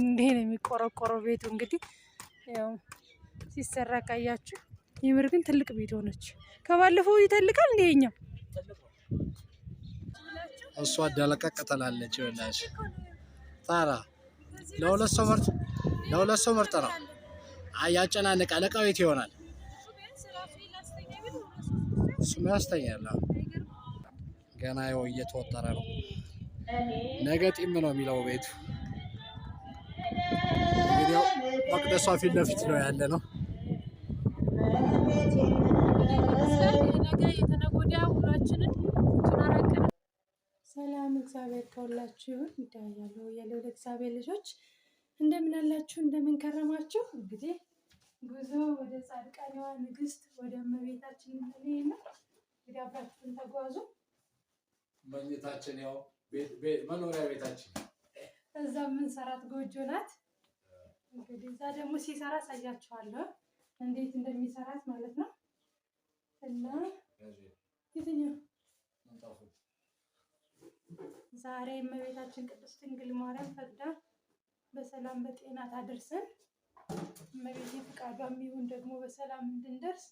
እንዴ ነው የሚቆረቆረው ቤቱ እንግዲህ ያው ሲሰራ ካያችሁ የምር ግን ትልቅ ቤት ሆነች። ከባለፈው ይተልቃል እንደ ይኛው እሷ አዳለቀቅ ትላለች። ይኸውልሽ ታራ ለሁለት ሰው ምርጥ ለሁለት ሰው ምርጥ ነው። አይ ያጨናንቃል። ቤት ይሆናል። እሱም ያስተኛል። ገና ያው እየተወጠረ ነው። ነገ ጢም ነው የሚለው ቤቱ መቅደሷ ፊት ለፊት ነው ያለ ነው። ሰላም እግዚአብሔር ከሁላችሁ ይሁን። ይዳያለሁ የልዑል እግዚአብሔር ልጆች እንደምን አላችሁ? እንደምን ከረማችሁ? እንግዲህ ጉዞ ወደ ጻድቃኔዋ ንግስት ወደ እመቤታችን ነው። እንግዲህ አብራችሁን ተጓዙ። መኝታችን ያው መኖሪያ ቤታችን እዛ የምንሰራት ጎጆ ናት። እንግዲህ እዛ ደግሞ ሲሰራ አሳያችኋለሁ እንዴት እንደሚሰራት ማለት ነው። እና የትኛው ዛሬ እመቤታችን ቅድስት ድንግል ማርያም ፈቅዳ በሰላም በጤና ታድርሰን እመቤቴ ፈቃዷ የሚሆን ደግሞ በሰላም እንድንደርስ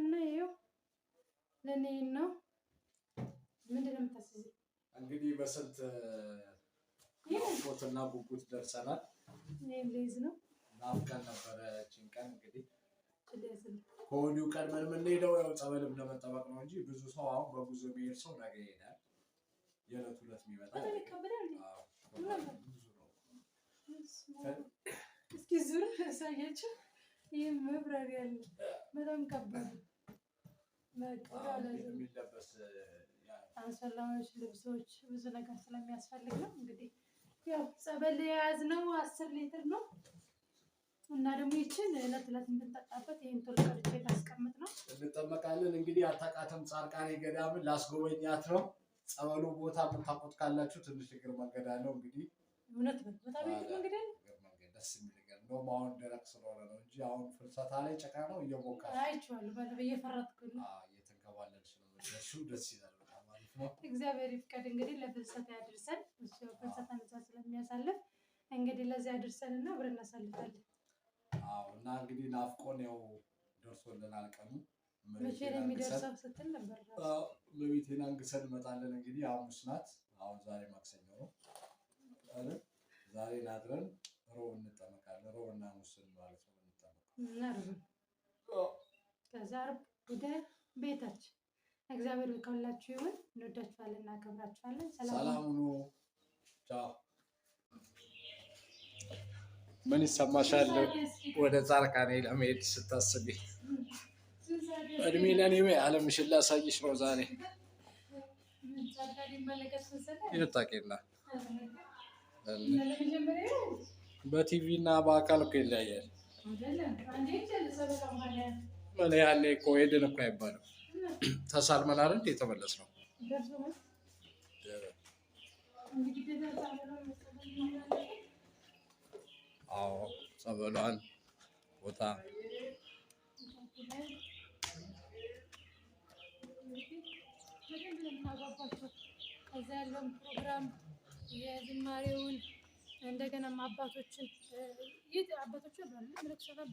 እና ይኸው ለእኔ ነው። ምንድን ነው እንግዲህ በስንት ፎትና ጉጉት ደርሰናል። ሌዝ ነው ናፍቀን ነበረ። ይህችን ቀን እንግዲህ ከወዲሁ ቀድመን የምንሄደው ያው ጸበልም ለመጠበቅ ነው እንጂ ብዙ ሰው አሁን በጉዞ የሚሄድ ሰው ነገ ይሄዳል። የዕለት ሁለት የሚመጣ እስኪ ዙር ያሳያቸው። ይህ መብረር ያለ በጣም ከባድ የሚለበስ አንሶላዎች፣ ልብሶች ብዙ ነገር ስለሚያስፈልግ ነው እንግዲህ ያው ጸበል የያዝነው አስር ሊትር ነው እና ደግሞ ይችን እለት እለት የምንጠጣበት ይህን ቶሎ ቀርጬ ላስቀምጥ ነው። እንጠመቃለን እንግዲህ አታውቃትም። ጻድቃኔ ገዳምን ላስጎበኛት ነው። ጸበሉ ቦታ የምታውቁት ካላችሁ ትንሽ እግር መንገዳ ነው እንግዲህ እውነት ነው። ቦታ ደስ የሚል ነው። አሁን ደረቅ ስለሆነ ነው እንጂ አሁን ፍልሰታ ላይ ጨቃ ነው እየሞካ አይቼዋለሁ። በየፈረጥኩ ነው እየተንከባለልሽ ነው። ደስ ይላል። እግዚአብሔር ይፍቀድ እንግዲህ ለፍልሰታ ያድርሰን። ፍልሰታ ነጻ ስለሚያሳልፍ እንግዲህ ለዚያ ያድርሰን እና አብረን እናሳልፋለን። አዎ እና እንግዲህ ናፍቆን ያው ደርሶልናል ቀኑ መቼ እመቤቴን አንግሰን እንመጣለን። እንግዲህ ሐሙስ ናት። አሁን ዛሬ ማክሰኞ ነው። ዛሬ ናድረን ሮብ እንጠመቃለን። ሮብ እና ሐሙስን ማለት ነው እንጠመቃለን። ከዛ ዓርብ ወደ ቤታችን እግዚአብሔር ከሁላችሁ ይሁን። እንወዳችኋለን፣ እናከብራችኋለን። ሰላም ሁኑ። ምን ይሰማሻል? ወደ ጻርቃኔ ለመሄድ ስታስቢ እድሜ ለኔ አለምሽን ላሳይሽ ነው ዛሬ ይታቄና በቲቪ እና በአካል እኮ ይለያያል። ምን ያኔ እኮ ሄድን እኮ አይባልም። ተሳልመን አይደል የተመለስ ነው። አዎ ጸበሏን ቦታ ከዛ ያለውን ፕሮግራም የዝማሬውን እንደገና አባቶችን አባቶችን ምልክሰ አባቶችን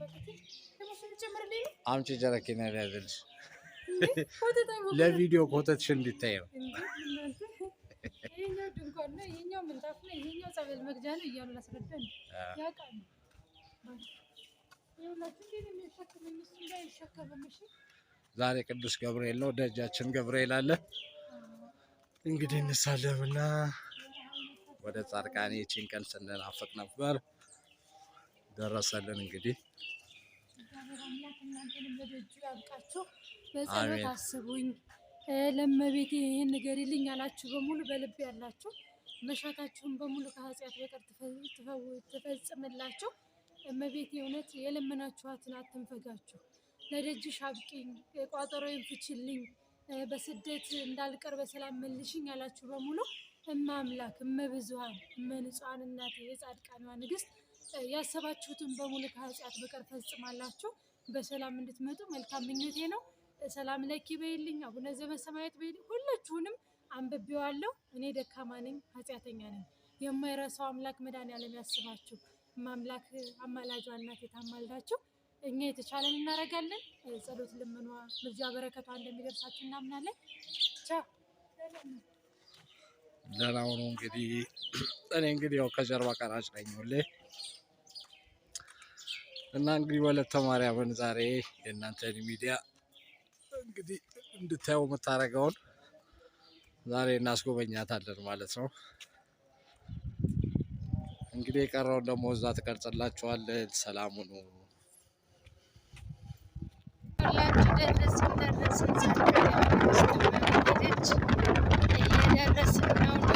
ደግሞ ስንጨምርልኝ አምጪ ጀረኪና ያዘልሽ ለቪዲዮ ኮተትሽ እንዲታይ ነው። ይሄኛው ድንኳን ነው፣ ይሄኛው ምንጣፍ ነው፣ ይሄኛው ጸበል መግጃ ነው እያሉ ላስረዳን ያውቃሉ። ዛሬ ቅዱስ ገብርኤል ነው፣ ደጃችን ገብርኤል አለ። እንግዲህ እንሳለምና ወደ ጻድቃኔ ይህችን ቀን ስንናፍቅ ነበር ደረሰልን። እንግዲህ በጸሎት አስቡኝ ለመቤቴ ይህን ንገሪልኝ ያላችሁ በሙሉ በልብ ያላችሁ መሻታችሁን በሙሉ ከኃጢአት በቀር ትፈጽምላችሁ። እመቤቴ እውነት የለመናችኋትን አትንፈጋችሁ። ለደጅሽ አብቂኝ፣ ቋጠሮዬን ፍችልኝ፣ በስደት እንዳልቀር በሰላም መልሽኝ ያላችሁ በሙሉ እመ እመብዙሃን እመንጹሃን እናቴ የጻድቃኗ ንግሥት ያሰባችሁትን በሙሉ ከኃጢአት በቀር ፈጽማላችሁ በሰላም እንድትመጡ መልካም ምኞቴ ነው። ሰላም ለኪ በይልኝ፣ አቡነ ዘበሰማያት በይልኝ። ሁላችሁንም አንብቤዋለሁ። እኔ ደካማ ነኝ፣ ኃጢአተኛ ነኝ። የማይረሳው አምላክ መድኃኔዓለም ያስባችሁ። ማምላክ አማላጇ እናት የታማልዳችሁ። እኛ የተቻለን እናደርጋለን። ጸሎት ልመኗ፣ ምልጃ በረከቷ እንደሚደርሳችሁ እናምናለን። ደህና ሁኑ። እንግዲህ እኔ እንግዲህ ያው ከጀርባ ቀራጭ ነኝ ሁሌ እና እንግዲህ ወለተ ማርያምን ዛሬ የእናንተን ሚዲያ እንግዲህ እንድታየው የምታደርገውን ዛሬ እናስጎበኛታለን ማለት ነው። እንግዲህ የቀረውን ደግሞ እዛ ትቀርጽላችኋለን። ሰላም ሁኑ። ደረስን ደረስን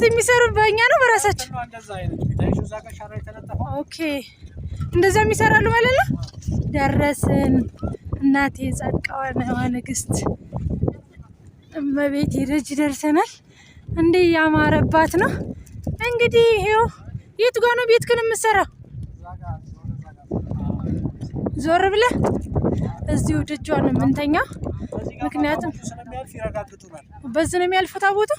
ቤት የሚሰሩ በእኛ ነው በራሳቸው ኦኬ እንደዚያ የሚሰራሉ ማለት ነው። ደረስን እናቴ ጻድቃዋ ንግስት እመቤቴ ደጅ ደርሰናል። እንዴ ያማረባት ነው እንግዲህ ይሄው። የት ጋ ነው ቤት ግን የምትሰራው? ዞር ብለ እዚሁ ደጇ ነው የምንተኛ። ምክንያቱም በዚህ ነው የሚያልፉት አቦቱ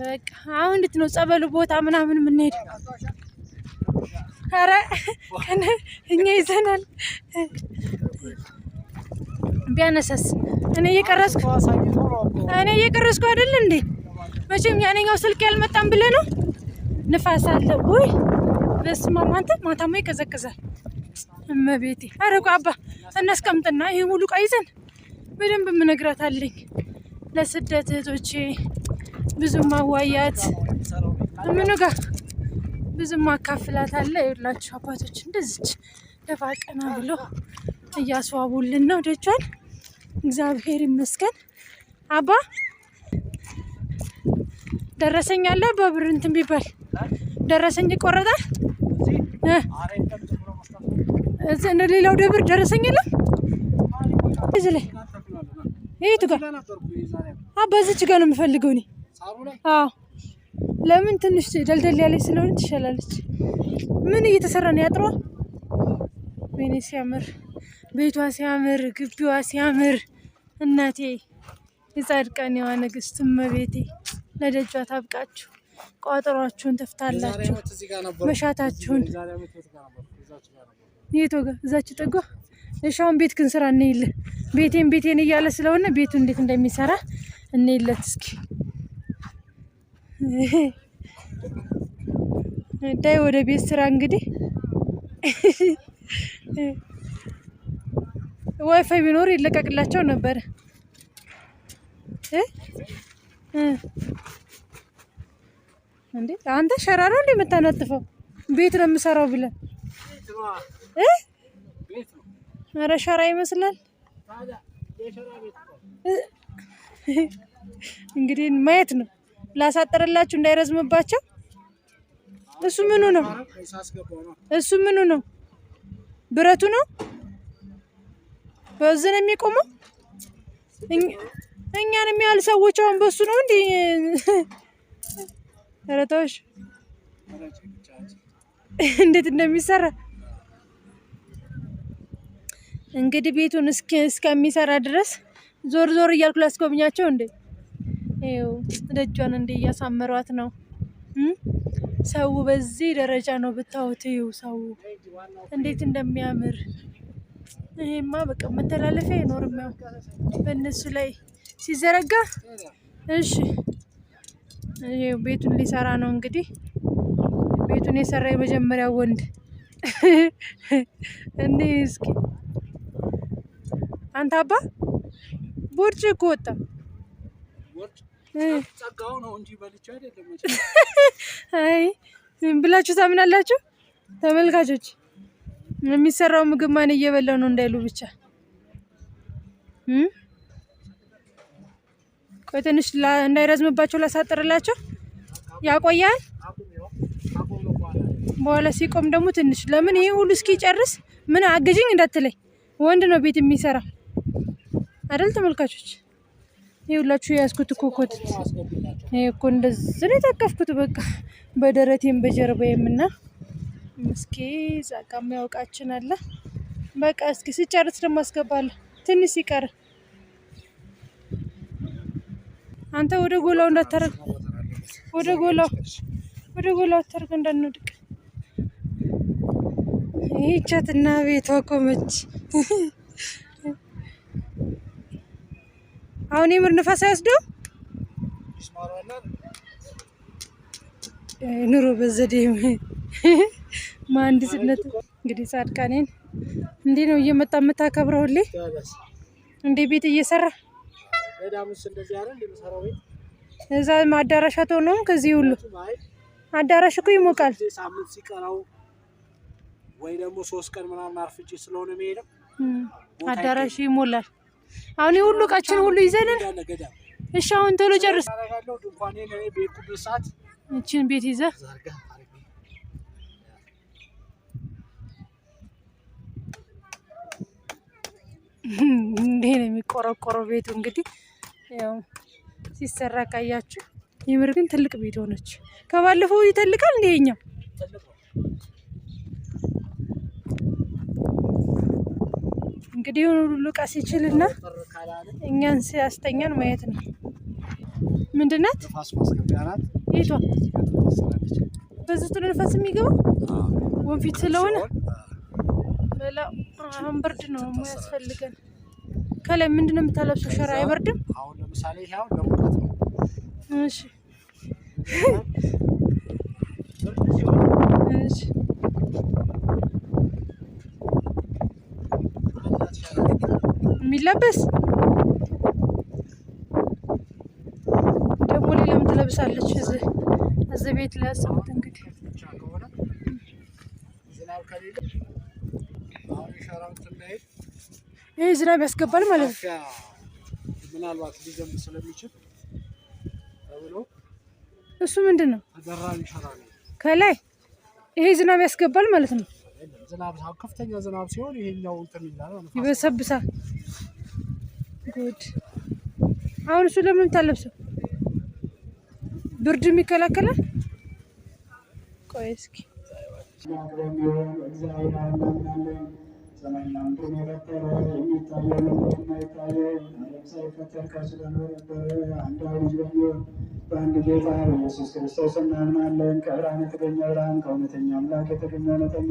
በቃ አሁን እንዴት ነው ጸበሉ ቦታ ምናምን የምንሄደው? ኧረ እኛ ይዘናል። ቢያነሰስ እኔ እየቀረስኩ እኔ እየቀረስኩ አይደል እንዴ? መቼም ያነኛው ስልክ ያልመጣም ብለ ነው። ንፋስ አለ ወይ? በስመ አብ አንተ ማታማ ይቀዘቅዛል። እመቤቴ ኧረ ቆይ አባ እናስቀምጥና ይሄ ሙሉ ዕቃ ይዘን በደንብ ምነግራት አለኝ ለስደት እህቶቼ ብዙ ማዋያት ምኑ ጋር ብዙ ማካፍላት አለ። ይኸውላችሁ አባቶች እንደዚች ደፋ ቀና ብሎ እያስዋቡልን ነው ደጇን። እግዚአብሔር ይመስገን። አባ ደረሰኝ አለ በብር እንትን ቢባል ደረሰኝ ይቆረጣል። ሌላው ደብር ደረሰኝ የለም። እዚህ ላይ ይሄ ቱ ጋር በዚች ጋር ነው የምፈልገው እኔ ለምን ትንሽ ደልደል ያለች ስለሆነ ትሻላለች። ምን እየተሰራ ነው? ያጥሯ ወይኔ ሲያምር፣ ቤቷ ሲያምር፣ ግቢዋ ሲያምር፣ እናቴ የጻድቃኔዋ ንግስት እመቤቴ ለደጇ ታብቃችሁ፣ ቋጠሯችሁን ተፍታላችሁ፣ መሻታችሁን የቶ ጋር እዛችሁ ጠጓ እሻውን ቤት ክንስራ ስራ እንይል ቤቴን ቤቴን እያለ ስለሆነ ቤቱ እንዴት እንደሚሰራ እንይለት እስኪ ዳይ ወደ ቤት ስራ እንግዲህ ዋይፋይ ቢኖር ይለቀቅላቸው ነበር። እንዴ አንተ ሸራ ነው እንዴ የምታነጥፈው? ቤት ነው የምሰራው ብለን እ ኧረ ሸራ ይመስላል። እንግዲህ ማየት ነው። ላሳጠረላችሁ እንዳይረዝምባቸው። እሱ ምኑ ነው? እሱ ምኑ ነው? ብረቱ ነው። በዚህ ነው የሚቆመው። እኛን የሚያህል ሰዎች አሁን በሱ ነው እንዲ ረታዎች እንዴት እንደሚሰራ እንግዲህ ቤቱን እስከሚሰራ ድረስ ዞር ዞር እያልኩ ላስጎብኛቸው እንዴ። ይኸው ደጇን እንዴ እያሳመሯት ነው። ሰው በዚህ ደረጃ ነው ብታዩት፣ ይኸው ሰው እንዴት እንደሚያምር ይሄማ በቃ መተላለፊያ አይኖርም። ያው በእነሱ ላይ ሲዘረጋ እሺ። ይሄው ቤቱን ሊሰራ ነው እንግዲህ ቤቱን የሰራ የመጀመሪያው ወንድ እኔ እስኪ አንተ አባ ቦርጭ እኮ ወጣ ጸጋው ነው እንጂ በልቼ አይደለም። አይ ብላችሁ ታምናላችሁ ተመልካቾች። የሚሰራው ምግብ ማን እየበላው ነው እንዳይሉ ብቻ ቆይ ትንሽ እንዳይረዝምባቸው ላሳጥርላቸው። ያቆያል። በኋላ ሲቆም ደግሞ ትንሽ ለምን ይሄ ሁሉ እስኪ ጨርስ ምን አግዥኝ እንዳትለይ ወንድ ነው ቤት የሚሰራ አይደል? ተመልካቾች ይኸውላችሁ የያዝኩት እኮ ኮትት እኮ እንደዚህ ነው የታቀፍኩት። በቃ በደረቴም በጀርባዬም እና እስኪ ዛጋ የሚያውቃችን አለ። በቃ እስኪ ስጨርስ ደግሞ አስገባለሁ። ትንሽ ሲቀር አንተ ወደ ጎላው እንዳታረግ፣ ወደ ጎላው ወደ ጎላው አታርግ እንዳንወድቅ። ይህቻትና ቤቷ ቆመች። አሁን የምር ንፋስ አይወስደውም። ኑሮ በዘዴ መሀንዲስነት እንግዲህ ጻድቃኔን እንዴ ነው እየመጣ የምታከብረው? ሁሌ እንዴ ቤት እየሰራ እዛ አዳራሽ አትሆንም? ከዚህ ሁሉ አዳራሽ እኮ ይሞቃል። ሳምንት ሲቀራው ወይ ደግሞ ሶስት ቀን ምናምን አርፍጭ ስለሆነ የሚሄደው አዳራሽ ይሞላል። አሁን የሁሉ እቃችን ሁሉ ይዘንን እሺ፣ አሁን ቶሎ ጨርስ። እችን ቤት ይዘ እንዴ ነው የሚቆረቆረው ቤቱ። እንግዲህ ያው ሲሰራ ካያችሁ፣ የምር ግን ትልቅ ቤት ሆነች። ከባለፈው ይተልቃል እንደኛው እንግዲህ ሁሉ ዕቃ ይችልና እኛን ሲያስተኛን ማየት ነው። ምንድን ናት ይቷ? በዚህ ጥሩ ንፋስ የሚገባው ወንፊት ስለሆነ አሁን ብርድ ነው ያስፈልገን። ከላይ ምንድን ነው የምታለብሰው? ሸራ አይበርድም? እሺ እሺ የሚለበስ ደግሞ ሌላም ትለብሳለች። እዚህ ቤት ላያስቡት እንግዲህ ይህ ዝናብ ያስገባል ማለት ነው። ምናልባት ሊዘንብ ስለሚችል እሱ ምንድን ነው ከላይ ይሄ ዝናብ ያስገባል ማለት ነው። ዝናብ ከፍተኛ ዝናብ ሲሆን ይሄኛው ይበሰብሳል። ጉድ! አሁን እሱ ለምን ታለብሰው? ብርድም ይከላከላል። ቆይ እስኪ በአንድ ጌታ በኢየሱስ ክርስቶስ እናምናለን። ከብርሃን የተገኘ ብርሃን፣ ከእውነተኛ አምላክ የተገኘ እውነተኛ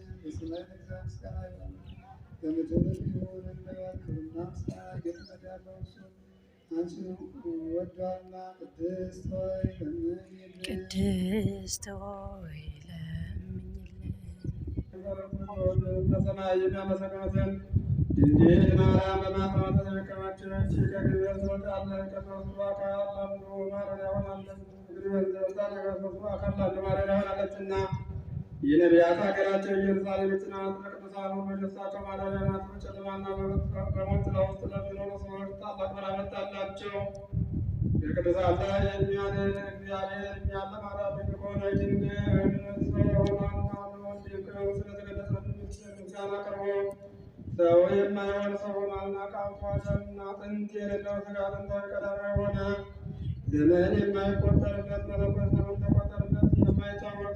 የሰማይ መግዛት ስራ ያለ በምድር ክብርና ምስጋና ገጥመት ያለው እሱ ቅድስት ሆይ ለምኝልን። ድንግል ማርያም በማኅፀኗ ተሸከመችሽ። ከእግዚአብሔር ዘንድ አለች። ከሦስቱ አካላት አንዱ ማረፊያ ሆናለች። እንግዲህ በዚህ ዘንድ አለ ከሦስቱ አንዱ ማረፊያ ሆናለችና የነቢያት ሀገራቸው ኢየሩሳሌም ጽናት በቅዱሳኑ በደስታቸው ማዳሪያ በጨለማና በሞት ጥላ ውስጥ ለሚኖሩ ሰዎች ታላቅ መላመት አላቸው። የቅዱሳን ላይ የሚያድን እግዚአብሔር የሚያለም አራት የሆነ ግን ሰው የማይሆን ሰው ሆኗልና ቃፏደምና ጥንት የሌለው ስጋ ጥንታዊ ቀዳሚ የሆነ ዘመን የማይቆጠርበት መለኮት ተቆጠርበት የማይታወቅ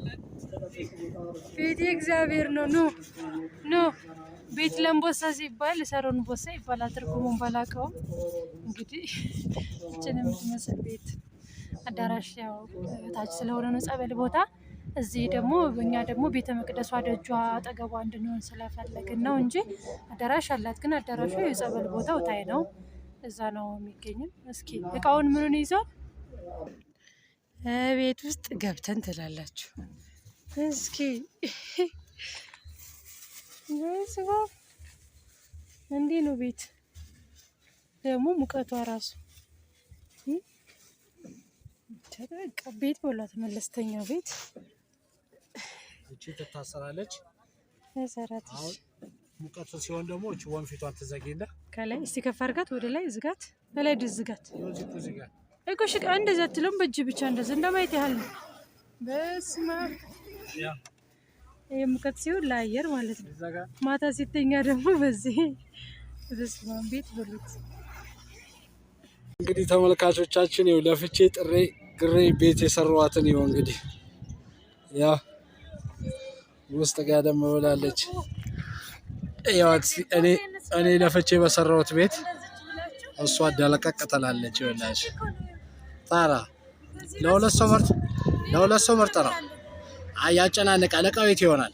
ቤቴ እግዚአብሔር ነው። ኑ ኑ። ቤት ለምቦሳ ሲባል ሰሮን ቦሳ ይባላል። ትርጉሙን ባላውቀውም እንግዲህ እችን የምትመስል ቤት አዳራሽ ያው ታች ስለሆነ ነው ጸበል ቦታ። እዚህ ደግሞ እኛ ደግሞ ቤተ መቅደሷ ደጇ አጠገቧ እንድንሆን ስለፈለግን ነው እንጂ አዳራሽ አላት። ግን አዳራሹ የጸበል ቦታ ታይ ነው። እዛ ነው የሚገኝም። እስኪ እቃውን ምኑን ይዟል? ቤት ውስጥ ገብተን ትላላችሁ እስኪ ስባ እንዴ ነው ቤት ደግሞ ሙቀቷ ራሱ ቤት በሏት መለስተኛ ቤት እቺ ትታሰራለች። ሙቀቱ ሲሆን ደግሞ እቺ ወንፊቷን ትዘጊለ ከላይ እስቲ ከፍ አድርጋት፣ ወደ ላይ ዝጋት፣ ከላይ ድረስ ዝጋት። እኮ እንደዚያ አትለውም። በእጅ ብቻ እንደዚህ እንደማየት ያህል ነው። በስመ አብ ይህ ሙቀት ሲሆን ለአየር ማለት ነው። ማታ ሲተኛ ደግሞ በዚህ ስማን ቤት በሉት እንግዲህ ተመልካቾቻችን ይኸው ለፍቼ ጥሬ ግሬ ቤት የሰሯትን ይኸው እንግዲህ ያ ውስጥ ጋ ጋደም ብላለች። እኔ ለፍቼ በሰራሁት ቤት እሷ ደለቀቅ ትላለች። ይኸውልሽ ጣራ ለሁለት ሰው ምርጥ ነው። ያጨናነቀ አለቃው ቤት ይሆናል?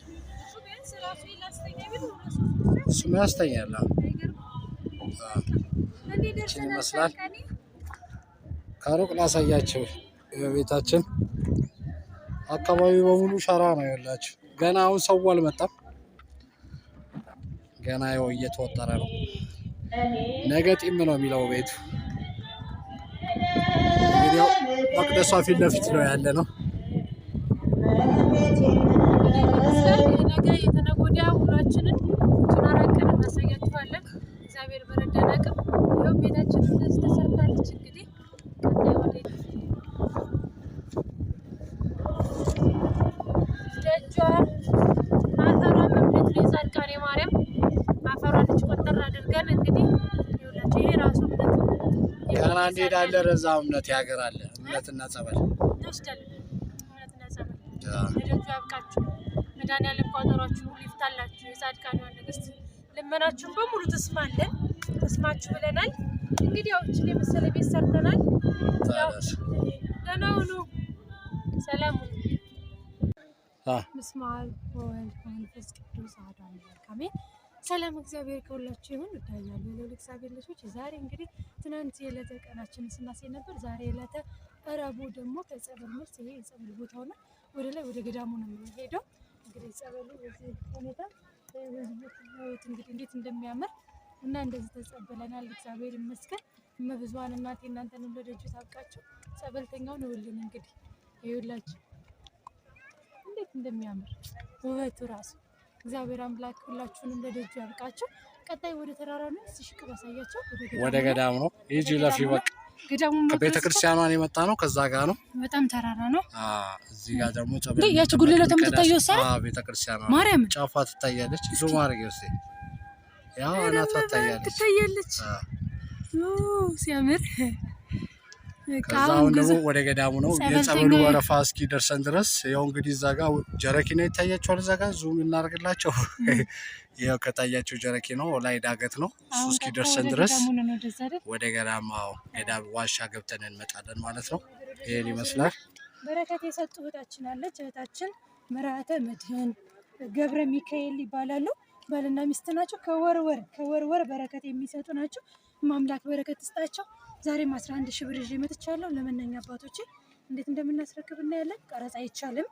እሱም ያስተኛል። ይህችን ይመስላል። ከሩቅ ላሳያቸው። ቤታችን አካባቢ በሙሉ ሸራ ነው ያላቸው። ገና አሁን ሰው አልመጣም። ገና ያው እየተወጠረ ነው። ነገ ጢም ነው የሚለው ቤቱ። መቅደሷ ፊት ለፊት ነው ያለ ነው። ነገ የተነገ ወዲያ ሁላችንን ቱናራቀን እናሳያችኋለን። እግዚአብሔር በረዳን አቅም ይኸው ቤታችን እንደዚህ ተሰርታለች። እንግዲህ ቀጣይ ደጇ አፈሯ መምለት ነው የጻድቃኔ ማርያም አፈሯን ቆጠር አድርገን እንግዲህ ይኸውላችሁ ይሄ ራሱ እምነት ገና እንሄዳለን። ረዛ እምነት ያገራለ እምነትና ጸበል እንወስዳለን። እምነትና ጸበል ለደጇ ያብቃችሁ። መድኃኒዓለም ቋጠሯችሁ ሁሉ ይፍታላችሁ። የጻድቃኗን ንግስት ልመናችሁን በሙሉ ተስማለን ተስማችሁ ብለናል። እንግዲህ ያው እችን የመሰለ ቤት ሰርተናል። ደህና ሁኑ፣ ሰላም ሁኑ። ወመንፈስ ቅዱስ አሐዱ አምላክ አሜን። ሰላም እግዚአብሔር ከሁላችሁ ይሁን። ይታያሉ ለሁሉ እግዚአብሔር ልጆች ዛሬ እንግዲህ ትናንት የዕለተ ቀናችን ስናሴ ነበር። ዛሬ ዕለተ ረቡዕ ደግሞ ከጸበል መልስ ይሄ የጸበል ቦታው ነው። ወደ ላይ ወደ ገዳሙ ነው የምንሄደው። እንግዲህ ጸበሉ በዚህ ሁኔታ እንግዲህ እንዴት እንደሚያምር እና እንደዚህ ተጸበለናል። እግዚአብሔር ይመስገን። እመብዙኃን እናቴ እናንተን ወለደጁ ታብቃችሁ። ጸበልተኛውን እንግዲህ እንዴት እንደሚያምር ውበቱ ራሱ እግዚአብሔር አምላክ ሁላችሁንም ለደጁ ያብቃችሁ። ቀጣይ ወደ ተራራ ነው። እስኪ ሽቅብ ወደ ገዳም ነው ቤተ ክርስቲያኗን የመጣ ነው። ከዛ ጋር ነው። በጣም ተራራ ነው። እዚህ ጋር ደግሞ ያች ጉልላት የምትታየው ሳ ቤተ ክርስቲያኗ ማርያም ጫፏ ትታያለች። ብዙ ማድረግ ሴ ያው አናቷ ትታያለች። ሲያምር ከዛሁን ደግሞ ወደ ገዳሙ ነው የጸበሉ ወረፋ እስኪ ደርሰን ድረስ ያው እንግዲህ እዛ ጋ ጀረኪና ይታያቸዋል። እዛ ጋ ዙም እናደርግላቸው ያው ከታያቸው ጀረኪ ነው ላይ ዳገት ነው እሱ ደርሰን ድረስ ወደ ገዳማ ገዳም ዋሻ ገብተን እንመጣለን ማለት ነው። ይህን ይመስላል። በረከት የሰጡ እህታችን አለች። እህታችን መርሃተ መድህን ገብረ ሚካኤል ይባላሉ። ባልና ሚስት ናቸው። ከወርወር ከወርወር በረከት የሚሰጡ ናቸው። ማምላክ በረከት ይስጣቸው። ዛሬም 11 ሺህ ብር ይዤ መጥቻለሁ። ለመነኛ አባቶቼ እንዴት እንደምናስረክብ እናያለን። ቀረጽ አይቻልም።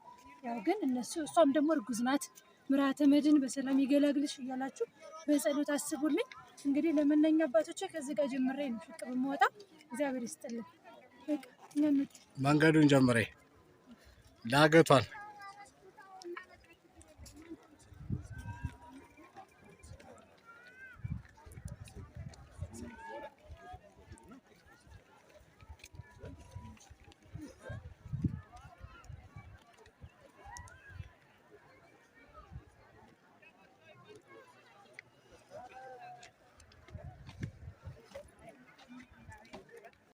ያው ግን እነሱ እሷም ደግሞ እርጉዝ ናት። ምራተ መድን በሰላም ይገላግልሽ እያላችሁ በጸሎት አስቡልኝ። እንግዲህ ለመነኛ አባቶቼ ከዚህ ጋር ጀምሬ ነው ሽቅ በመወጣ እግዚአብሔር ይስጥልን። ማንገዱን ጀምሬ ዳገቷን